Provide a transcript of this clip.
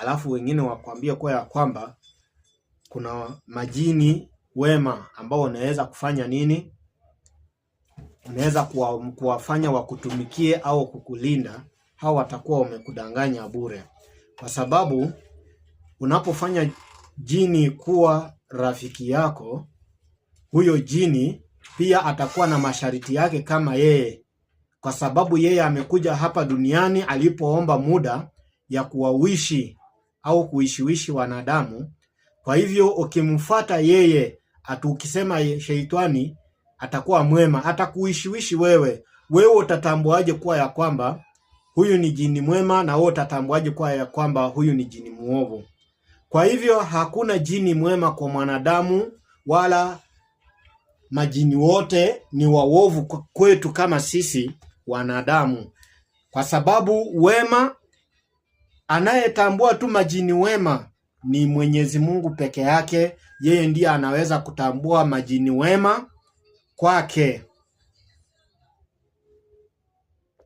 alafu wengine wakwambia kuwa ya kwamba kuna majini wema ambao unaweza kufanya nini, unaweza kuwa, kuwafanya wakutumikie au kukulinda, hao watakuwa wamekudanganya bure, kwa sababu unapofanya jini kuwa rafiki yako, huyo jini pia atakuwa na masharti yake kama yeye, kwa sababu yeye amekuja hapa duniani alipoomba muda ya kuwawishi au kuishiwishi wanadamu. Kwa hivyo ukimfuata yeye, atu ukisema sheitani atakuwa mwema, atakuishiwishi wewe. Wewe utatambuaje kuwa ya kwamba huyu ni jini mwema, na wewe utatambuaje kuwa ya kwamba huyu ni jini muovu? Kwa hivyo hakuna jini mwema kwa mwanadamu, wala majini wote ni waovu kwetu kama sisi wanadamu, kwa sababu wema Anayetambua tu majini wema ni Mwenyezi Mungu peke yake. Yeye ndiye anaweza kutambua majini wema kwake.